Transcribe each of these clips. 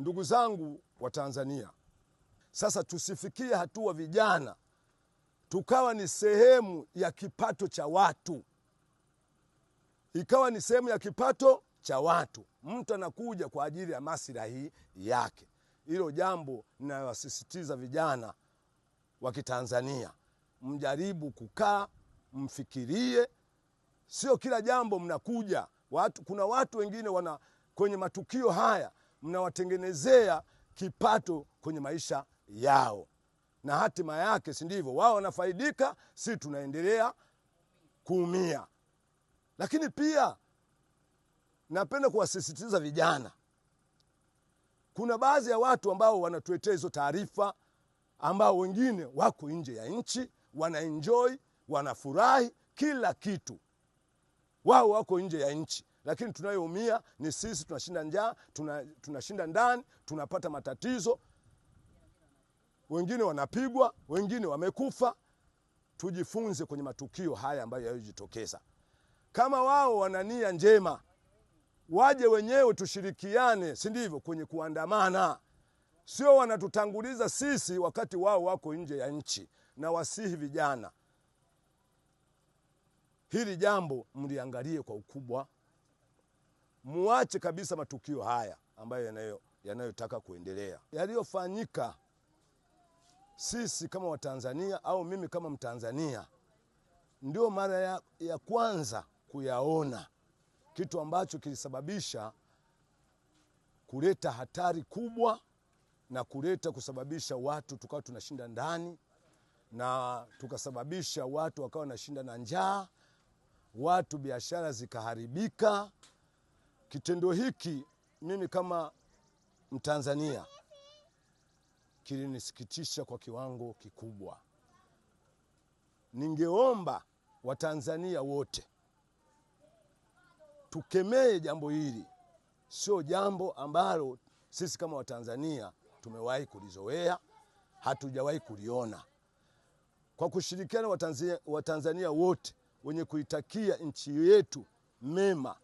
Ndugu zangu wa Tanzania, sasa tusifikie hatua vijana tukawa ni sehemu ya kipato cha watu, ikawa ni sehemu ya kipato cha watu. Mtu anakuja kwa ajili ya maslahi yake. Hilo jambo ninawasisitiza vijana wa Kitanzania, mjaribu kukaa mfikirie, sio kila jambo mnakuja watu. Kuna watu wengine wana kwenye matukio haya mnawatengenezea kipato kwenye maisha yao, na hatima yake, si ndivyo? Wao wanafaidika, si tunaendelea kuumia. Lakini pia napenda kuwasisitiza vijana, kuna baadhi ya watu ambao wanatuetea hizo taarifa, ambao wengine wako nje ya nchi, wanaenjoi wanafurahi kila kitu, wao wako nje ya nchi lakini tunayoumia ni sisi. Tunashinda njaa, tunashinda ndani, tunapata matatizo, wengine wanapigwa, wengine wamekufa. Tujifunze kwenye matukio haya ambayo yayojitokeza Kama wao wana nia njema, waje wenyewe tushirikiane, si ndivyo, kwenye kuandamana, sio wanatutanguliza sisi wakati wao wako nje ya nchi. Na wasihi vijana, hili jambo mliangalie kwa ukubwa muache kabisa matukio haya ambayo yanayo yanayotaka kuendelea yaliyofanyika. Sisi kama Watanzania au mimi kama Mtanzania ndio mara ya, ya kwanza kuyaona kitu ambacho kilisababisha kuleta hatari kubwa na kuleta kusababisha watu tukawa tunashinda ndani na tukasababisha watu wakawa wanashinda na njaa, watu biashara zikaharibika, Kitendo hiki mimi kama Mtanzania kilinisikitisha kwa kiwango kikubwa. Ningeomba Watanzania wote tukemee jambo hili, sio jambo ambalo sisi kama Watanzania tumewahi kulizoea, hatujawahi kuliona. Kwa kushirikiana Watanzania, Watanzania wote wenye kuitakia nchi yetu mema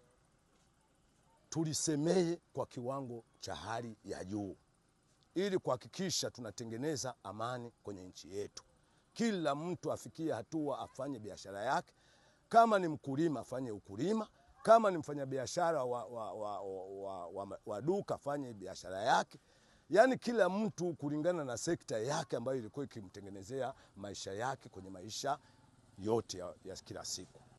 tulisemee kwa kiwango cha hali ya juu ili kuhakikisha tunatengeneza amani kwenye nchi yetu. Kila mtu afikie hatua afanye biashara yake. Kama ni mkulima afanye ukulima, kama ni mfanyabiashara wa, wa, wa, wa, wa, wa duka afanye biashara yake, yaani kila mtu kulingana na sekta yake ambayo ilikuwa ikimtengenezea maisha yake kwenye maisha yote ya, ya kila siku.